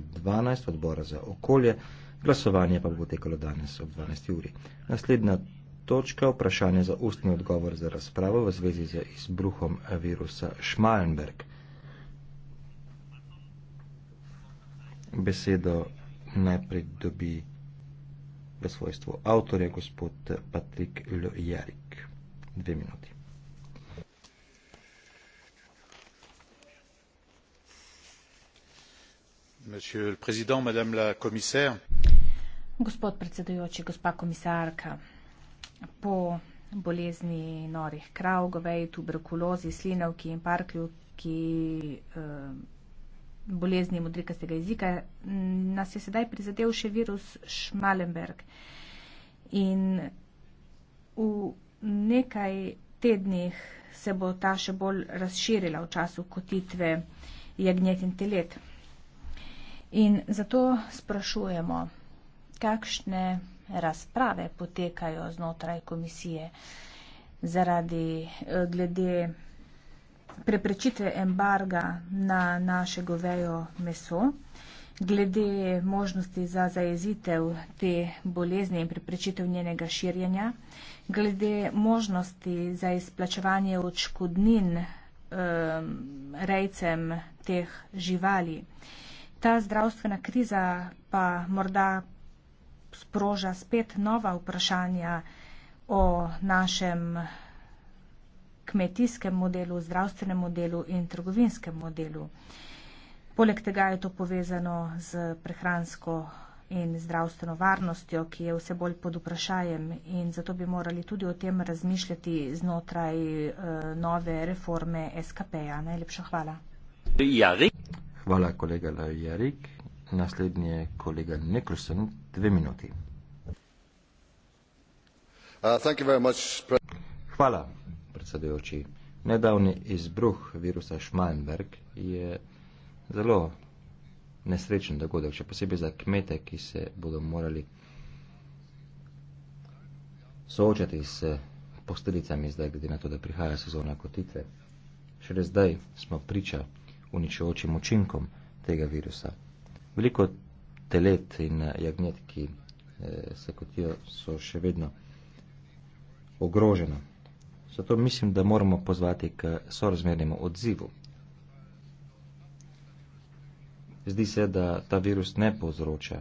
2012 odbora za okolje, glasovanje pa bo tekalo danes ob 12. uri. Naslednja točka vprašanja za ustni odgovor za razpravo v zvezi z izbruhom virusa Schmalenberg. Besedo najprej dobi v svojstvu avtorja gospod Patrik Ljerik. Dve minuti. monsieur le président madame la commissaire gospod predsedujoči gospa komisarka po bolezni norih krav goveji tuberkulozi slinavki in parkljuki eh, bolezni modrikastega jezika nas je sedaj prizadel še virus Schmallenberg in v nekaj tednih se bo ta še bolj razširila v času kotitve jagnjet in telet. In zato sprašujemo, kakšne razprave potekajo znotraj komisije zaradi eh, glede preprečitve embarga na naše govejo meso, glede možnosti za zajezitev te bolezni in preprečitev njenega širjenja, glede možnosti za izplačevanje odškodnin eh, rejcem teh živali ta zdravstvena kriza pa morda sproža spet nova vprašanja o našem kmetijskem modelu, zdravstvenem modelu in trgovinskem modelu. Poleg tega je to povezano z prehransko in zdravstveno varnostjo, ki je vse bolj pod vprašajem in zato bi morali tudi o tem razmišljati znotraj eh, nove reforme SKP-ja. Najlepša hvala. Ja, Hvala, kolega Lajerik. Naslednji je kolega Nikolson, dve minuti. Uh, Hvala, predsedujoči. Nedavni izbruh virusa Schmeinberg je zelo nesrečen dogodek, še posebej za kmete, ki se bodo morali soočati s posledicami zdaj, glede na to, da prihaja sezona kotitve. Šele zdaj smo priča uničujočim učinkom tega virusa. Veliko telet in eh, jagnet, ki eh, se kotijo, so še vedno ogrožena. Zato mislim, da moramo pozvati k sorazmernemu odzivu. Zdi se, da ta virus ne povzroča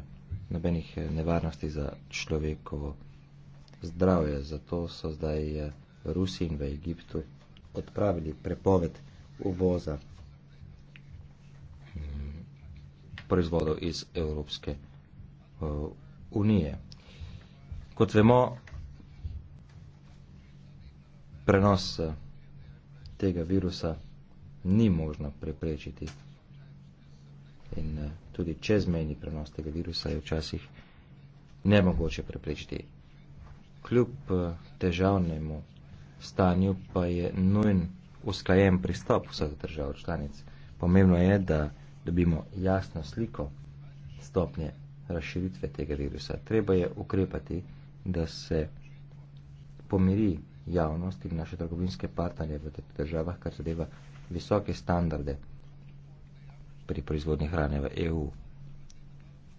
nobenih eh, nevarnosti za človekovo zdravje. Zato so zdaj Rusi in v Egiptu odpravili prepoved uvoza proizvodov iz Evropske uh, unije. Kot vemo, prenos eh, tega virusa ni možno preprečiti in eh, tudi čezmejni prenos tega virusa je včasih nemogoče preprečiti. Kljub težavnemu stanju pa je nujen usklajen pristop vseh držav članic. Pomembno je, da dobimo jasno sliko stopnje razširitve tega virusa. Treba je ukrepati, da se pomiri javnost in naše trgovinske partnerje v teh državah, kar zadeva visoke standarde pri proizvodnji hrane v EU.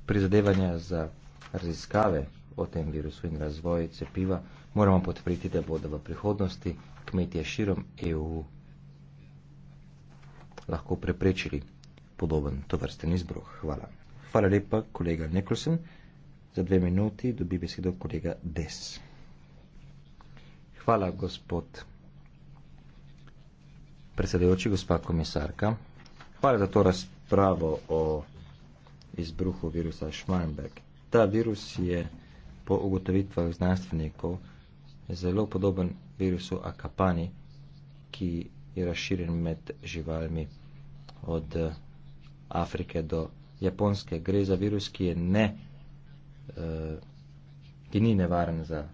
Prizadevanja za raziskave o tem virusu in razvoj cepiva moramo podpriti, da bodo v prihodnosti kmetje širom EU lahko preprečili подобен товърстен изброх. Хвала. Хвала лепа колега Николсен. За две минути доби беседа колега Дес. Хвала, господ. Преседеочи, госпа комисарка. Хвала за то разправо о избруху вируса Шмайнберг. Та вирус е по уготовитвах знанственикол зело подобен вирусу Акапани, ки е разширен мед живалми од Afrike do Japonske. Gre za virus, ki je ne, eh, ki ni nevaren za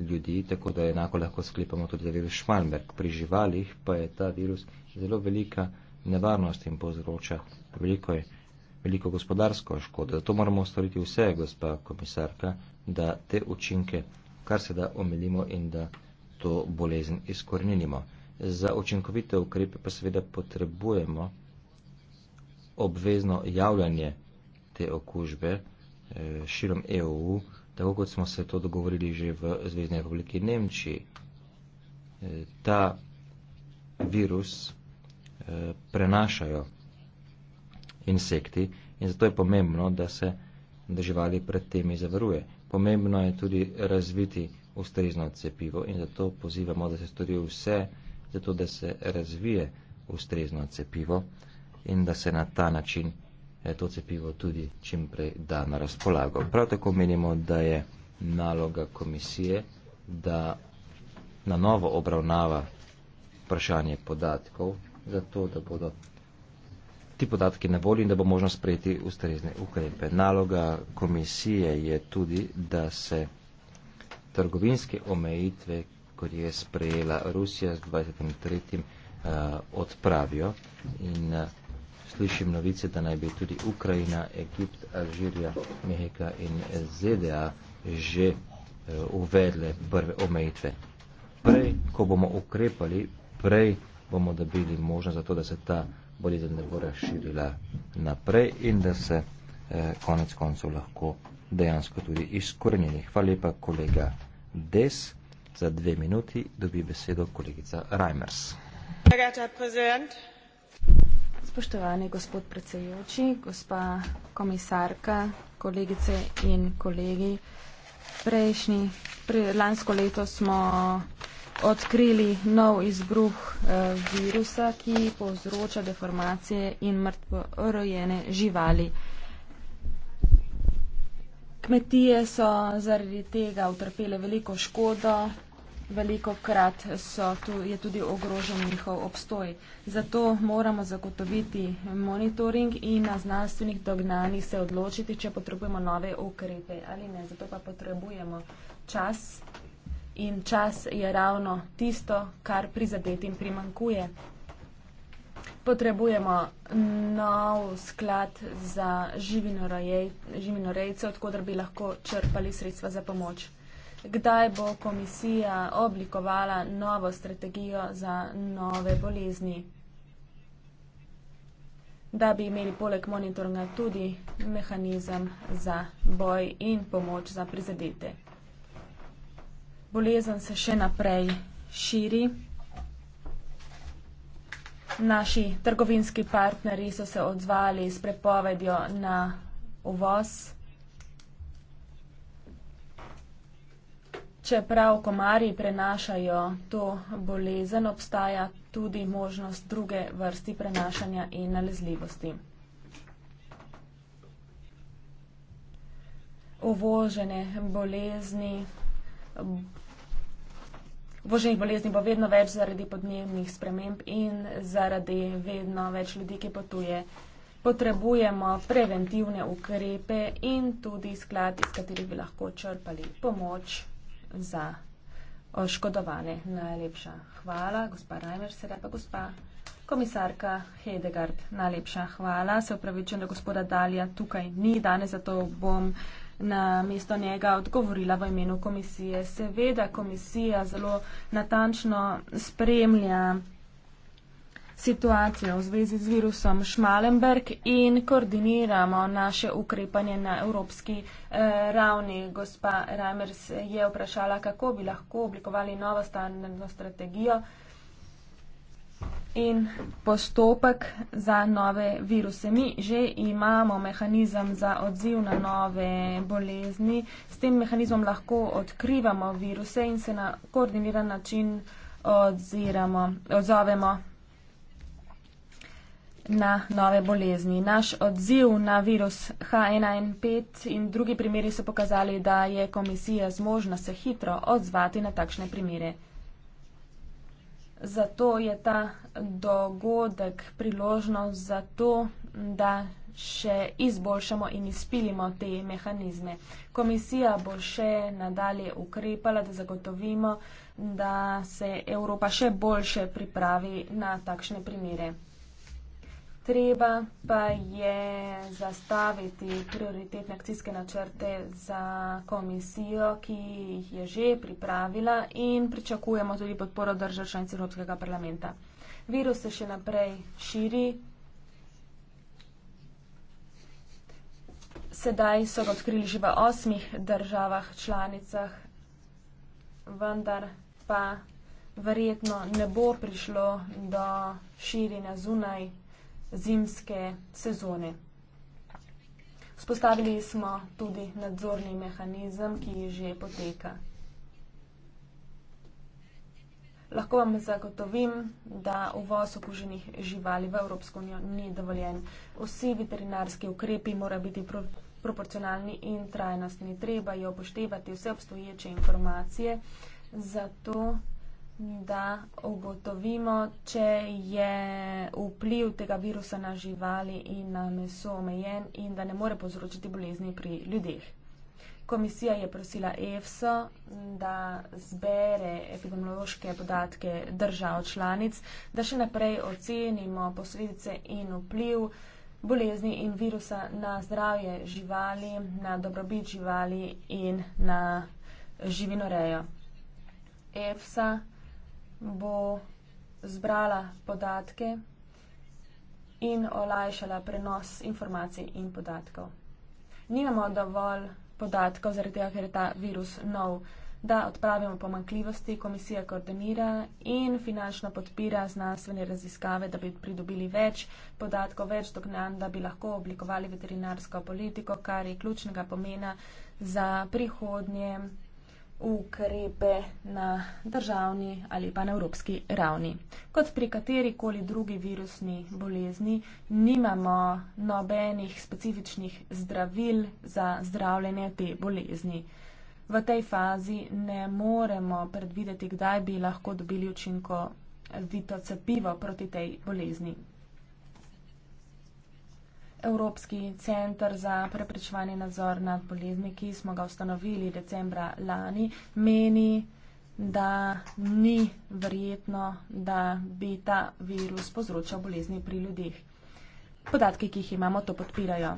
ljudi, tako da enako lahko sklepamo tudi za virus Schmalberg. Pri živalih pa je ta virus zelo velika nevarnost in povzroča veliko, veliko gospodarsko škodo. Zato moramo storiti vse, gospa komisarka, da te učinke kar se da omilimo in da to bolezen izkorninimo. Za učinkovite ukrepe pa seveda potrebujemo obvezno javljanje te okužbe eh, širom EU, tako kot smo se to dogovorili že v Zvezdni republiki Nemčiji. Eh, ta virus eh, prenašajo insekti in zato je pomembno, da se živali pred temi zavaruje. Pomembno je tudi razviti ustrezno cepivo in zato pozivamo, da se stori vse, zato da se razvije ustrezno cepivo in da se na ta način eh, to cepivo tudi čim prej da na razpolago. Prav tako menimo, da je naloga komisije, da na novo obravnava vprašanje podatkov, zato da bodo ti podatki na voli in da bo možno sprejeti ustrezne ukrepe. Naloga komisije je tudi, da se trgovinske omejitve, kot je sprejela Rusija z 23. Eh, odpravijo in eh, slišim novice, da naj bi tudi Ukrajina, Egipt, Alžirija, Mehika in ZDA že eh, uvedle prve omejitve. Prej, ko bomo ukrepali, prej bomo dobili možnost za to, da se ta bolezen ne bo razširila naprej in da se eh, konec koncev lahko dejansko tudi izkorenili. Hvala lepa, kolega Des. Za dve minuti dobi besedo kolegica Reimers. Spoštovani gospod predsedujoči, gospa komisarka, kolegice in kolegi. Prejšnji, pre, lansko leto smo odkrili nov izbruh eh, virusa, ki povzroča deformacije in mrtvo rojene živali. Kmetije so zaradi tega utrpele veliko škodo, veliko krat so, tu je tudi ogrožen njihov obstoj. Zato moramo zagotoviti monitoring in na znanstvenih dognanjih se odločiti, če potrebujemo nove ukrepe ali ne. Zato pa potrebujemo čas in čas je ravno tisto, kar prizadetim primankuje. Potrebujemo nov sklad za živino rejcev, odkudar bi lahko črpali sredstva za pomoč kdaj bo komisija oblikovala novo strategijo za nove bolezni, da bi imeli poleg monitoringa tudi mehanizem za boj in pomoč za prizadete. Bolezen se še naprej širi. Naši trgovinski partnerji so se odzvali s prepovedjo na uvoz. Čeprav komarji prenašajo to bolezen, obstaja tudi možnost druge vrsti prenašanja in nalezljivosti. Uvožene bolezni, uvoženih bolezni bo vedno več zaradi podnebnih sprememb in zaradi vedno več ljudi, ki potuje. Potrebujemo preventivne ukrepe in tudi sklad, iz katerih bi lahko črpali pomoč za oškodovane. Najlepša hvala, gospa Rajmer, sedaj pa gospa komisarka Hedegard. Najlepša hvala. Se upravičujem, da gospoda Dalija tukaj ni danes, zato bom na mesto njega odgovorila v imenu komisije. Seveda komisija zelo natančno spremlja situacijo v zvezi z virusom Šmalenberg in koordiniramo naše ukrepanje na evropski eh, ravni. Gospa Reimers je vprašala, kako bi lahko oblikovali novo standardno strategijo in postopek za nove viruse. Mi že imamo mehanizem za odziv na nove bolezni. S tem mehanizmom lahko odkrivamo viruse in se na koordiniran način odziramo, odzovemo na nove bolezni. Naš odziv na virus H1N5 in drugi primeri so pokazali, da je komisija zmožna se hitro odzvati na takšne primere. Zato je ta dogodek priložnost za to, da še izboljšamo in izpilimo te mehanizme. Komisija bo še nadalje ukrepala, da zagotovimo, da se Evropa še boljše pripravi na takšne primere treba pa je zastaviti prioritetne akcijske načrte za komisijo, ki jih je že pripravila in pričakujemo tudi podporo držav članic Evropskega parlamenta. Virus se še naprej širi. Sedaj so ga odkrili že v osmih državah članicah, vendar pa verjetno ne bo prišlo do širjenja zunaj zimske sezone. Vzpostavili smo tudi nadzorni mehanizem, ki že poteka. Lahko vam zagotovim, da uvoz okuženih živali v Evropsko unijo ni dovoljen. Vsi veterinarski ukrepi mora biti pro, proporcionalni in trajnostni. Treba je upoštevati vse obstoječe informacije, zato da ugotovimo, če je vpliv tega virusa na živali in na meso omejen in da ne more povzročiti bolezni pri ljudeh. Komisija je prosila EFSO, da zbere epidemiološke podatke držav članic, da še naprej ocenimo posledice in vpliv bolezni in virusa na zdravje živali, na dobrobit živali in na živinorejo. EFSA bo zbrala podatke in olajšala prenos informacij in podatkov. Nimamo dovolj podatkov, zaradi tega, ker je ta virus nov, da odpravimo pomankljivosti. Komisija koordinira in finančno podpira znanstvene raziskave, da bi pridobili več podatkov, več dognanj, da bi lahko oblikovali veterinarsko politiko, kar je ključnega pomena za prihodnje ukrepe na državni ali pa na evropski ravni. Kot pri kateri koli drugi virusni bolezni, nimamo nobenih specifičnih zdravil za zdravljenje te bolezni. V tej fazi ne moremo predvideti, kdaj bi lahko dobili učinko vito cepivo proti tej bolezni. Evropski centr za preprečevanje nadzor nad bolezni, ki smo ga ustanovili decembra lani, meni, da ni verjetno, da bi ta virus povzročal bolezni pri ljudeh. Podatki, ki jih imamo, to podpirajo.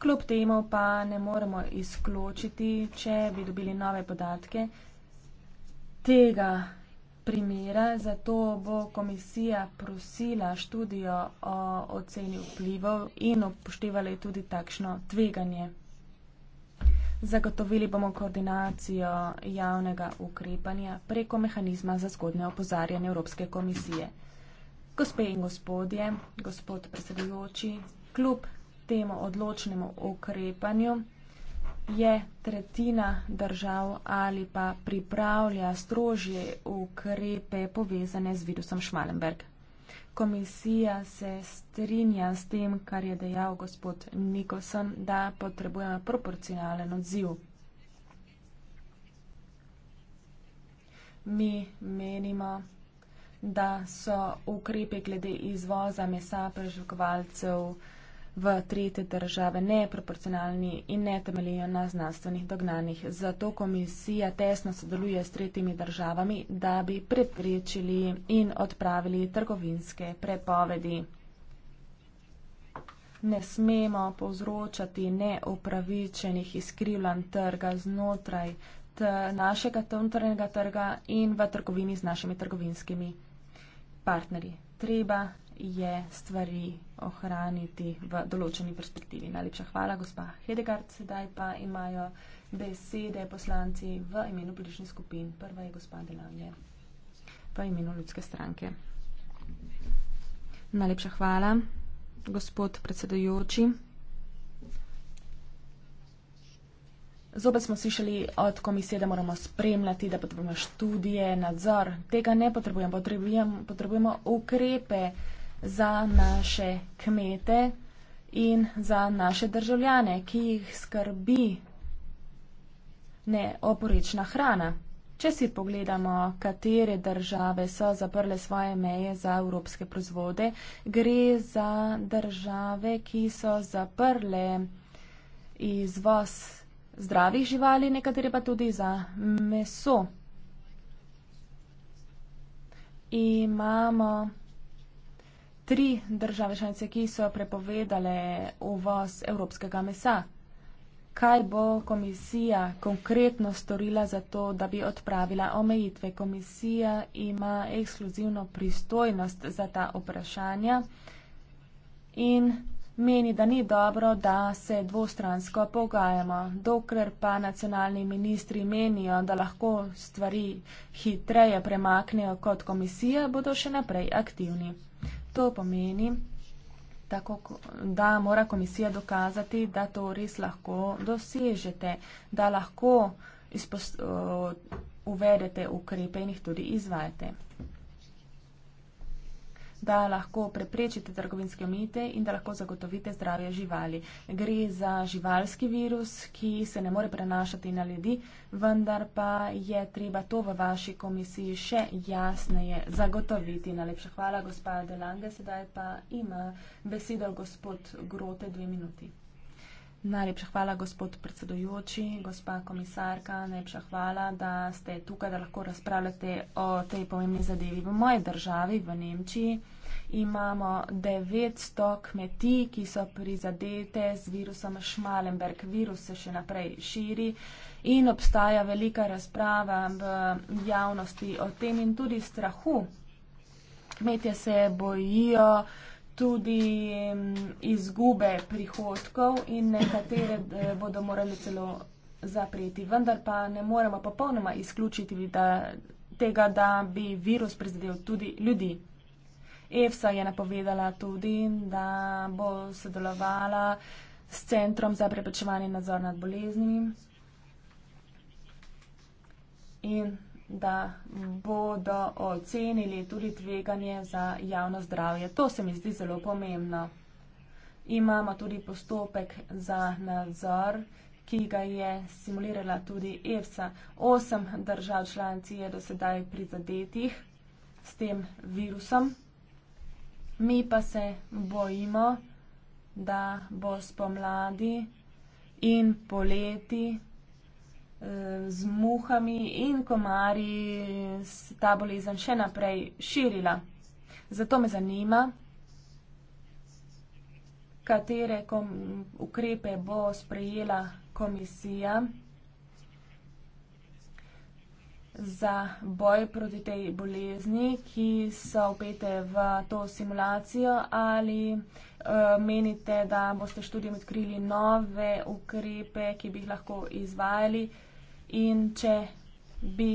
Kljub temu pa ne moremo izključiti, če bi dobili nove podatke, tega primera, zato bo komisija prosila študijo o oceni vplivov in upoštevali tudi takšno tveganje. Zagotovili bomo koordinacijo javnega ukrepanja preko mehanizma za zgodne opozarjanje Evropske komisije. Gospe in gospodje, gospod predsedujoči, kljub temu odločnemu ukrepanju, je tretjina držav ali pa pripravlja strožje ukrepe povezane z virusom Šmalenberg. Komisija se strinja s tem, kar je dejal gospod Nikolson, da potrebujemo proporcionalen odziv. Mi menimo, da so ukrepe glede izvoza mesa preživkovalcev v tretje države neproporcionalni in ne temeljijo na znanstvenih dognanjih. Zato komisija tesno sodeluje s tretjimi državami, da bi preprečili in odpravili trgovinske prepovedi. Ne smemo povzročati neupravičenih izkrivljan trga znotraj našega notranjega trga in v trgovini z našimi trgovinskimi partnerji. Treba je stvari ohraniti v določeni perspektivi. Najlepša hvala, gospa Hedegard. Sedaj pa imajo besede poslanci v imenu politični skupin. Prva je gospa Delanje v imenu ljudske stranke. Najlepša hvala, gospod predsedujoči. Zopet smo slišali od komisije, da moramo spremljati, da potrebujemo študije, nadzor. Tega ne potrebujemo, potrebujemo, potrebujemo ukrepe za naše kmete in za naše državljane, ki jih skrbi neoporečna hrana. Če si pogledamo, katere države so zaprle svoje meje za evropske proizvode, gre za države, ki so zaprle izvoz zdravih živali, nekatere pa tudi za meso. Imamo tri države članice, ki so prepovedale uvoz evropskega mesa. Kaj bo komisija konkretno storila za to, da bi odpravila omejitve? Komisija ima ekskluzivno pristojnost za ta vprašanja in meni, da ni dobro, da se dvostransko pogajamo. Dokler pa nacionalni ministri menijo, da lahko stvari hitreje premaknejo kot komisija, bodo še naprej aktivni. To pomeni, tako, da mora komisija dokazati, da to res lahko dosežete, da lahko izpost, uh, uvedete ukrepe in jih tudi izvajate da lahko preprečite trgovinske omite in da lahko zagotovite zdravje živali. Gre za živalski virus, ki se ne more prenašati na ljudi, vendar pa je treba to v vaši komisiji še jasneje zagotoviti. Najlepša hvala, gospa Delange. Sedaj pa ima besedo gospod Grote dve minuti. Najlepša hvala, gospod predsedujoči, gospa komisarka, najlepša hvala, da ste tukaj, da lahko razpravljate o tej pomembni zadevi. V moji državi, v Nemčiji, imamo 900 kmetij, ki so prizadete z virusom Schmalenberg. Virus se še naprej širi in obstaja velika razprava v javnosti o tem in tudi strahu. Kmetje se bojijo tudi um, izgube prihodkov in nekatere eh, bodo morali celo zapreti. Vendar pa ne moremo popolnoma izključiti da, tega, da bi virus prizadel tudi ljudi. EFSA je napovedala tudi, da bo sodelovala s Centrom za preprečevanje nadzor nad boleznimi. In da bodo ocenili tudi tveganje za javno zdravje. To se mi zdi zelo pomembno. Imamo tudi postopek za nadzor, ki ga je simulirala tudi EFSA. Osem držav članci je dosedaj prizadetih s tem virusom. Mi pa se bojimo, da bo spomladi in poleti Eh, z muhami in komarji se ta bolezen še naprej širila. Zato me zanima, katere ukrepe bo sprejela komisija za boj proti tej bolezni, ki so upete v to simulacijo ali uh, menite, da boste študijem odkrili nove ukrepe, ki bi jih lahko izvajali in če bi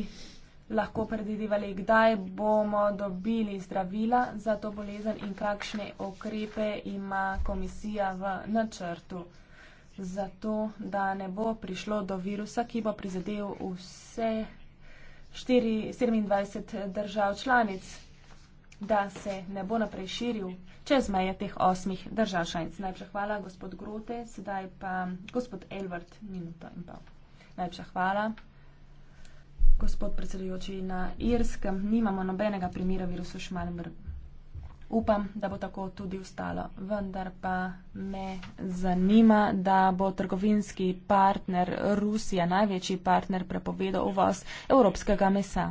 lahko predvidevali, kdaj bomo dobili zdravila za to bolezen in kakšne okrepe ima komisija v načrtu. Zato, da ne bo prišlo do virusa, ki bo prizadel vse 4, 27 držav članic, da se ne bo naprej širil čez meje teh osmih držav članic. Najprej hvala, gospod Grote, sedaj pa gospod Elvard, minuto in pol. Najlepša hvala. Gospod predsedujoči, na Irskem nimamo nobenega primera virusa Šmalenbr. Upam, da bo tako tudi ostalo. Vendar pa me zanima, da bo trgovinski partner Rusija, največji partner, prepovedal uvoz evropskega mesa.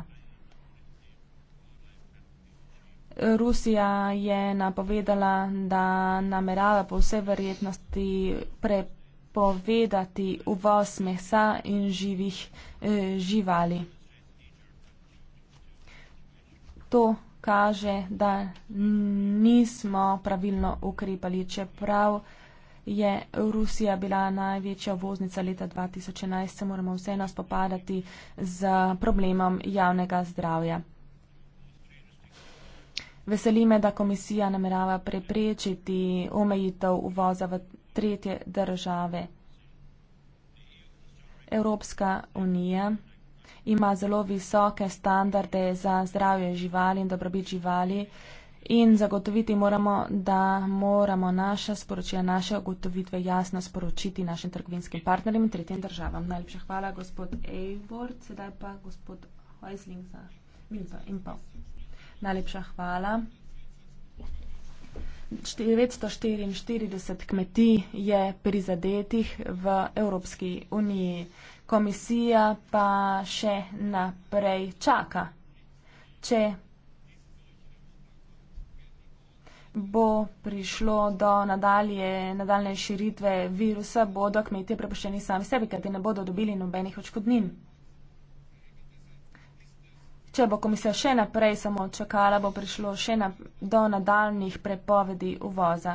Rusija je napovedala, da namerava po vsej verjetnosti prepovedati odpovedati uvoz mesa in živih eh, živali. To kaže, da nismo pravilno ukrepali, čeprav je Rusija bila največja voznica leta 2011, se moramo vseeno spopadati z problemom javnega zdravja. Veseli me, da komisija namerava preprečiti omejitev uvoza v tretje države. Evropska unija ima zelo visoke standarde za zdravje živali in dobrobit živali in zagotoviti moramo, da moramo naša sporočila, naše ugotovitve jasno sporočiti našim trgovinskim partnerjem in tretjim državam. Najlepša hvala, gospod Eivord, sedaj pa gospod Heusling za minuto in pol. Najlepša hvala. 944 kmetij je prizadetih v Evropski uniji. Komisija pa še naprej čaka, če bo prišlo do nadalje, nadaljne širitve virusa, bodo kmetije prepoščeni sami sebi, kajti ne bodo dobili nobenih očkodnin. Če bo komisija še naprej samo čakala, bo prišlo še na, do nadaljnih prepovedi uvoza.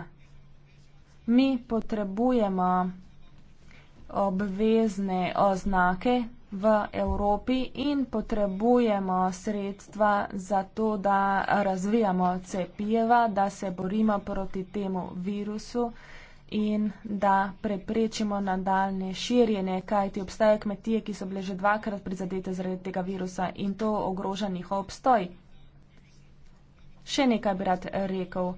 Mi potrebujemo obvezne oznake v Evropi in potrebujemo sredstva za to, da razvijamo cepijeva, da se borimo proti temu virusu. Uh, in da preprečimo nadaljne širjenje, kajti obstaje kmetije, ki so bile že dvakrat prizadete zaradi tega virusa in to ogroža njihov obstoj. Še nekaj bi rad rekel.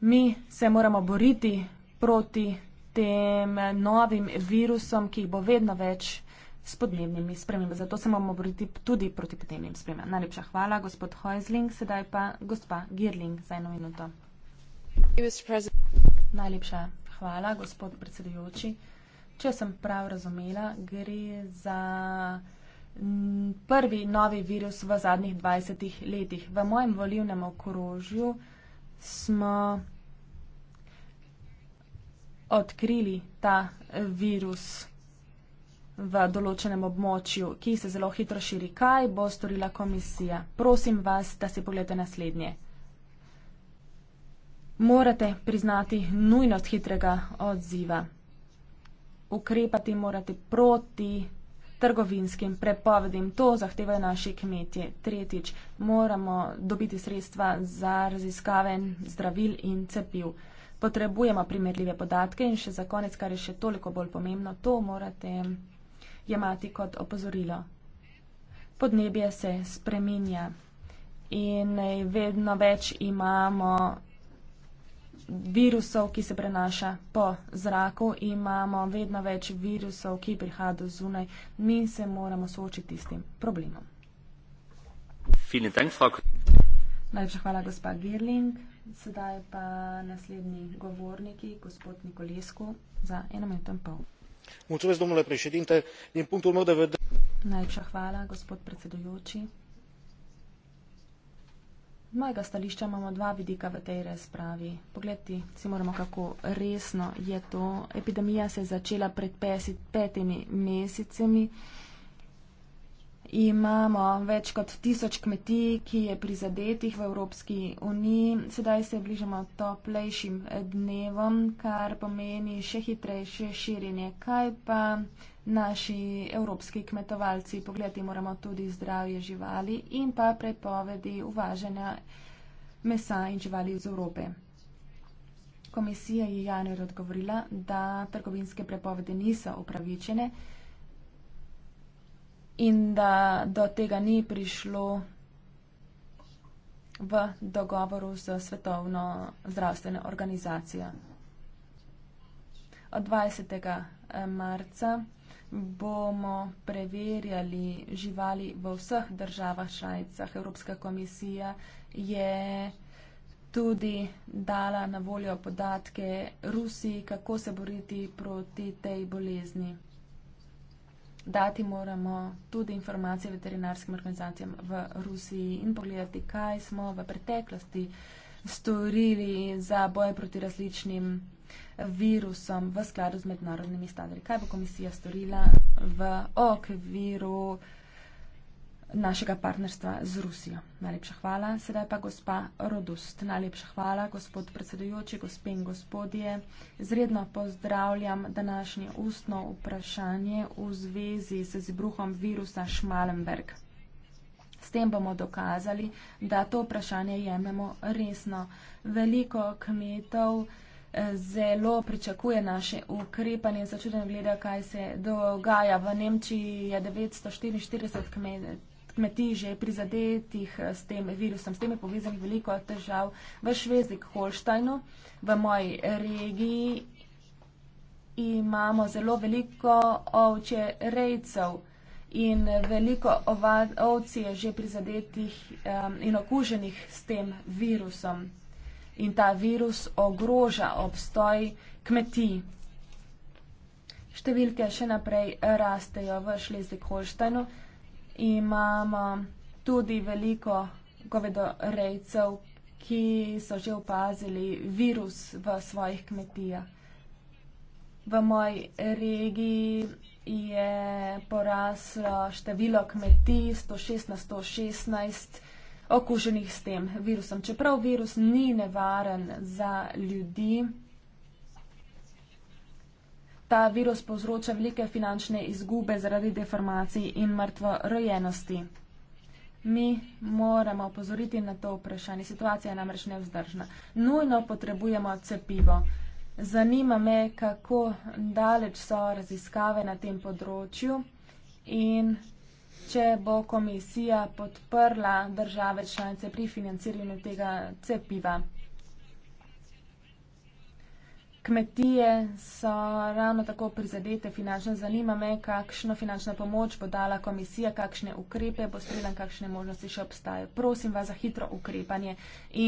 Mi se moramo boriti proti tem novim virusom, ki jih bo vedno več s podnebnimi spremembami. Zato se moramo boriti tudi proti podnebnim spremembam. Najlepša hvala, gospod Hojzling. Sedaj pa gospa Girling za eno minuto. Hey, Najlepša hvala, gospod predsedujoči. Če sem prav razumela, gre za mm, prvi novi virus v zadnjih 20 letih. V mojem volivnem okrožju smo odkrili ta virus v določenem območju, ki se zelo hitro širi. Kaj bo storila komisija? Prosim vas, da si pogledate naslednje morate priznati nujnost hitrega odziva. Ukrepati morate proti trgovinskim prepovedim. To zahtevajo naši kmetje. Tretjič, moramo dobiti sredstva za raziskave zdravil in cepiv. Potrebujemo primerljive podatke in še za konec, kar je še toliko bolj pomembno, to morate jemati kot opozorilo. Podnebje se spreminja in eh, vedno več imamo virusov, ki se prenaša po zraku, imamo vedno več virusov, ki prihajajo zunaj. Mi se moramo soočiti s tem problemom. Najlepša hvala, gospa Girling. Sedaj pa naslednji govorniki, gospod Nikolesko, za eno minuto in pol. Najlepša hvala, gospod predsedujoči mojega stališča imamo dva vidika v tej razpravi. Pogledajte si moramo, kako resno je to. Epidemija se je začela pred pesit, petimi mesecemi. Imamo več kot tisoč kmetij, ki je prizadetih v Evropski uniji. Sedaj se bližamo toplejšim dnevom, kar pomeni še hitrejše širjenje. Kaj pa naši evropski kmetovalci. Pogledati moramo tudi zdravje živali in pa prepovedi uvaženja mesa in živali iz Evrope. Komisija je januar odgovorila, da trgovinske prepovedi niso upravičene in da do tega ni prišlo v dogovoru z Svetovno zdravstveno organizacijo. Od 20. Eh, marca bomo preverjali živali v vseh državah članicah. Evropska komisija je tudi dala na voljo podatke Rusiji, kako se boriti proti tej bolezni. Dati moramo tudi informacije veterinarskim organizacijam v Rusiji in pogledati, kaj smo v preteklosti storili za boje proti različnim virusom v skladu z mednarodnimi standardi. Kaj bo komisija storila v okviru našega partnerstva z Rusijo? Najlepša hvala. Sedaj pa gospa Rodust. Najlepša hvala, gospod predsedujoči, gospe in gospodje. Zredno pozdravljam današnje ustno vprašanje v zvezi z izbruhom virusa Šmalenberg. S tem bomo dokazali, da to vprašanje jememo resno. Veliko kmetov zelo pričakuje naše ukrepanje. Začudem gleda, kaj se dogaja. V Nemčiji je 944 kmetov kmetij že prizadetih s tem virusom. S tem je povezanih veliko težav v Švezik Holštajnu. V moji regiji imamo zelo veliko ovče rejcev in veliko ovac je že prizadetih um, in okuženih s tem virusom in ta virus ogroža obstoj kmetij. Številke še naprej rastejo v Šlezdik-Holštajnu. Imamo tudi veliko govedorejcev, ki so že opazili virus v svojih kmetijah. V moji regiji je poraslo število kmetij 106 na 116 okuženih s tem virusom. Čeprav virus ni nevaren za ljudi, ta virus povzroča velike finančne izgube zaradi deformacij in mrtvo rojenosti. Mi moramo opozoriti na to vprašanje. Situacija je namreč nevzdržna. Nujno potrebujemo cepivo. Zanima me, kako daleč so raziskave na tem področju in če bo komisija podprla države članice pri financiranju tega cepiva. Kmetije so ravno tako prizadete finančno. Zanima me, kakšno finančno pomoč bo dala komisija, kakšne ukrepe bo sprejela, kakšne možnosti še obstajajo. Prosim vas za hitro ukrepanje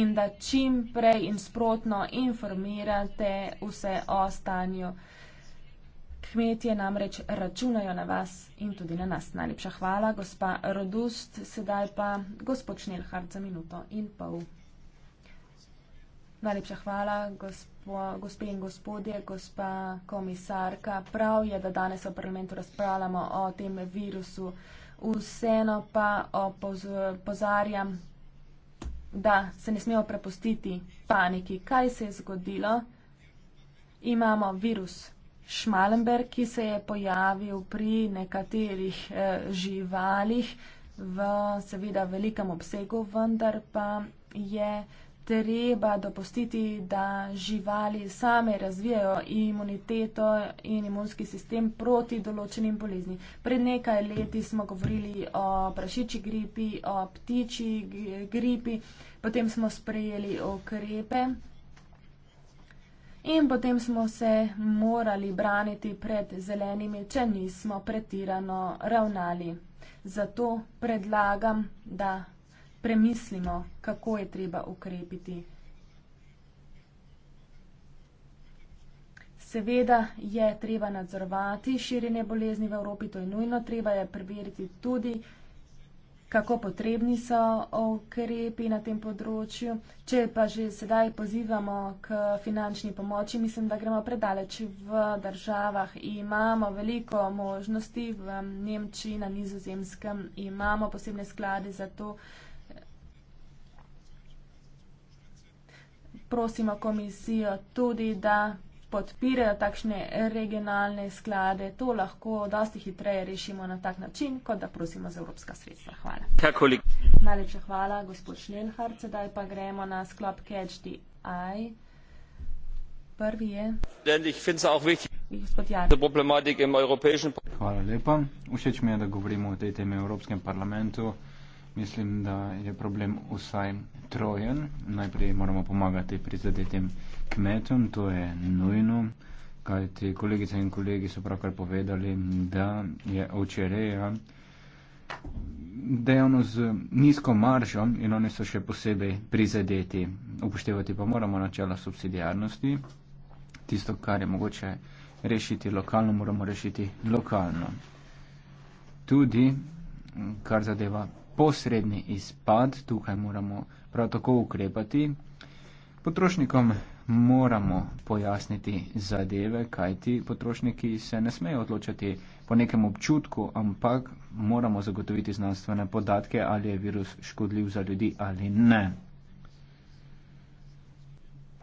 in da čim prej in sprotno informirate vse o stanju. Kmetje namreč računajo na vas in tudi na nas. Najlepša hvala, gospa Rodust, sedaj pa gospod Šnelhard za minuto in pol. Najlepša hvala, gospo, gospe in gospodje, gospa komisarka. Prav je, da danes v parlamentu razpravljamo o tem virusu. Vseeno pa opozarjam, da se ne smemo prepustiti paniki. Kaj se je zgodilo? Imamo virus. Šmalenberg, ki se je pojavil pri nekaterih eh, živalih v seveda velikem obsegu, vendar pa je treba dopustiti, da živali same razvijajo imuniteto in imunski sistem proti določenim bolezni. Pred nekaj leti smo govorili o prašiči gripi, o ptiči gripi, potem smo sprejeli okrepe. In potem smo se morali braniti pred zelenimi, če nismo pretirano ravnali. Zato predlagam, da premislimo, kako je treba ukrepiti. Seveda je treba nadzorovati širjenje bolezni v Evropi, to je nujno, treba je preveriti tudi, kako potrebni so ukrepi na tem področju. Če pa že sedaj pozivamo k finančni pomoči, mislim, da gremo predaleč v državah. Imamo veliko možnosti v Nemčiji, na nizozemskem, imamo posebne sklade za to. Prosimo komisijo tudi, da podpirajo takšne regionalne sklade. To lahko dosti hitreje rešimo na tak način, kot da prosimo za evropska sredstva. Hvala. Kakolik. Najlepša hvala, gospod Šlenhard. Sedaj pa gremo na sklop Catch the Eye. Prvi je. Gospod Jarek. Hvala lepa. Všeč mi je, da govorimo o tej temi v Evropskem parlamentu. Mislim, da je problem vsaj trojen. Najprej moramo pomagati prizadetim kmetom, to je nujno, kajti kolegice in kolegi so pravkar povedali, da je očereja dejavno z nizko maržo in oni so še posebej prizadeti. Upoštevati pa moramo načela subsidijarnosti. Tisto, kar je mogoče rešiti lokalno, moramo rešiti lokalno. Tudi, kar zadeva posredni izpad, tukaj moramo prav tako ukrepati. Potrošnikom moramo pojasniti zadeve, kajti potrošniki se ne smejo odločati po nekem občutku, ampak moramo zagotoviti znanstvene podatke, ali je virus škodljiv za ljudi ali ne.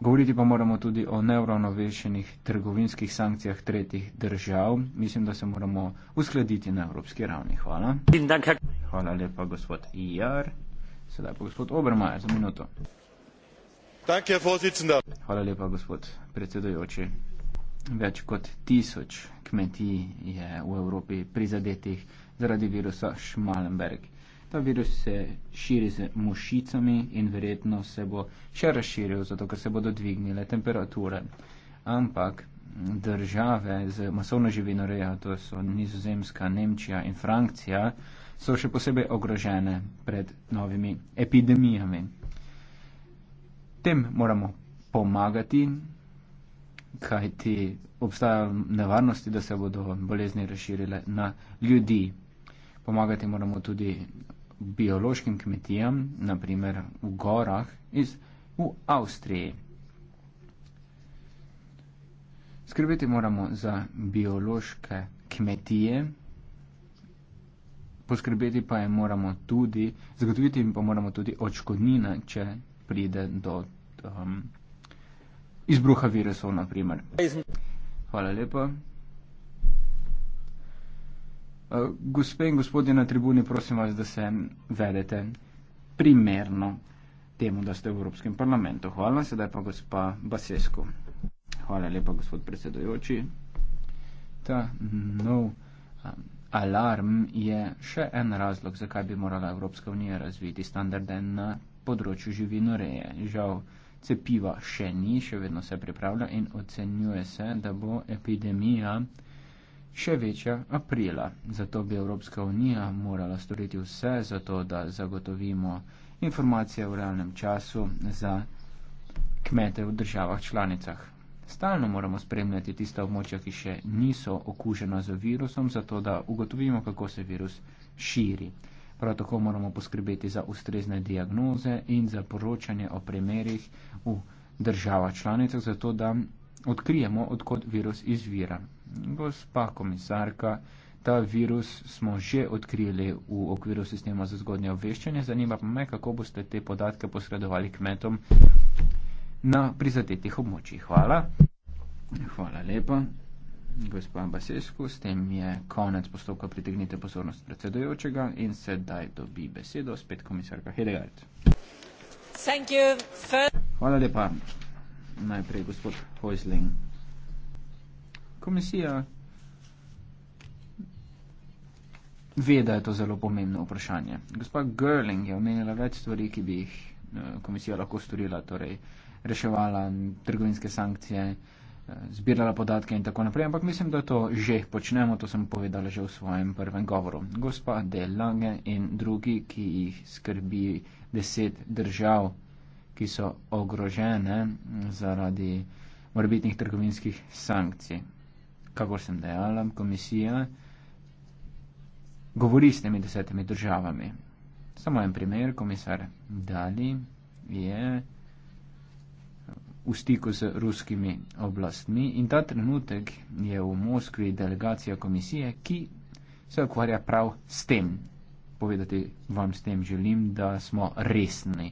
Govoriti pa moramo tudi o neuravnovešenih trgovinskih sankcijah tretjih držav. Mislim, da se moramo uskladiti na evropski ravni. Hvala. In danke. Hvala lepa, gospod Jar. Sedaj pa gospod Obermajer za minuto. Hvala lepa, gospod predsedujoči. Več kot tisoč kmetij je v Evropi prizadetih zaradi virusa Šmalenberg. Ta virus se širi z mušicami in verjetno se bo še razširil, zato ker se bodo dvignile temperature. Ampak države z masovno živino reja, to so Nizozemska, Nemčija in Francija, so še posebej ogrožene pred novimi epidemijami. Tem moramo pomagati, kajti obstaja nevarnosti, da se bodo bolezni razširile na ljudi. Pomagati moramo tudi biološkim kmetijam, naprimer v gorah iz v Avstriji. Skrbeti moramo za biološke kmetije, poskrbeti pa je moramo tudi, zagotoviti jim pa moramo tudi očkodnine, če pride do um, izbruha virusov, naprimer. Hvala lepa. Uh, gospe in gospodje na tribuni, prosim vas, da se vedete primerno temu, da ste v Evropskem parlamentu. Hvala, sedaj pa gospa Basesko. Hvala lepa, gospod predsedojoči. Ta nov um, alarm je še en razlog, zakaj bi morala Evropska unija razviti standarde na področju živinoreje. Žal cepiva še ni, še vedno se pripravlja in ocenjuje se, da bo epidemija še večja aprila. Zato bi Evropska unija morala storiti vse za to, da zagotovimo informacije v realnem času za kmete v državah članicah. Stalno moramo spremljati tista območja, ki še niso okužena z virusom, zato da ugotovimo, kako se virus širi. Prav tako moramo poskrbeti za ustrezne diagnoze in za poročanje o primerih v državah članicah, zato da odkrijemo, odkot virus izvira. Gospa komisarka, ta virus smo že odkrili v okviru sistema za zgodnje obveščanje. Zanima me, kako boste te podatke posredovali kmetom na prizadetih območjih. Hvala. Hvala lepa. Gospod Basesku, s tem je konec postopka pritegnite pozornost predsedojočega in sedaj dobi besedo spet komisarka Hedegard. Hvala lepa. Najprej gospod Hoisling. Komisija ve, da je to zelo pomembno vprašanje. Gospod Görling je omenila več stvari, ki bi jih eh, komisija lahko storila. Torej, uh, reševala trgovinske sankcije, eh, zbirala podatke in tako naprej, ampak mislim, da to že počnemo, to sem povedala že v svojem prvem govoru. Gospa Del Lange in drugi, ki jih skrbi deset držav, ki so ogrožene mm, zaradi morbitnih trgovinskih sankcij. Kakor sem dejala, komisija govori s temi desetimi državami. Samo en primer, komisar Dali je v stiku z ruskimi oblastmi in ta trenutek je v Moskvi delegacija komisije, ki se ukvarja prav s tem. Povedati vam s tem želim, da smo resni.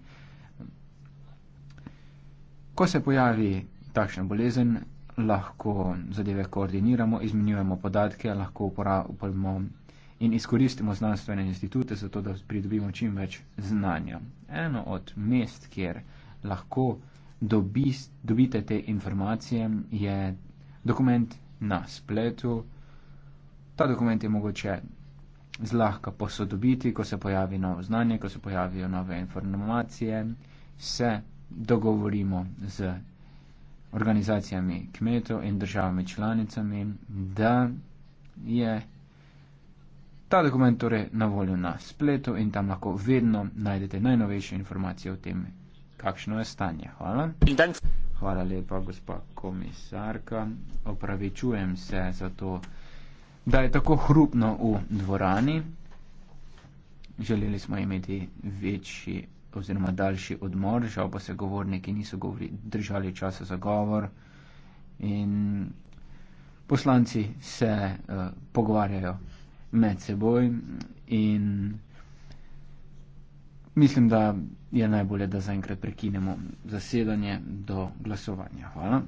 Ko se pojavi takšna bolezen, lahko zadeve koordiniramo, izmenjujemo podatke, lahko uporabljamo in izkoristimo znanstvene institute, zato da pridobimo čim več znanja. Eno od mest, kjer lahko dobi, dobite te informacije, je dokument na spletu. Ta dokument je mogoče zlahka posodobiti, ko se pojavi novo znanje, ko se pojavijo nove informacije, se dogovorimo z organizacijami kmetov in državami članicami, da je ta dokument torej na voljo na spletu in tam lahko vedno najdete najnovejše informacije o tem, kakšno je stanje. Hvala. Hvala lepa, gospa komisarka. Opravičujem se za to, da je tako hrupno v dvorani. Želeli smo imeti večji oziroma daljši odmor, žal pa se govorniki niso govori, držali časa za govor. In poslanci se uh, pogovarjajo med seboj in Mislim, da je najbolje, da zaenkrat prekinemo zasedanje do glasovanja. Hvala.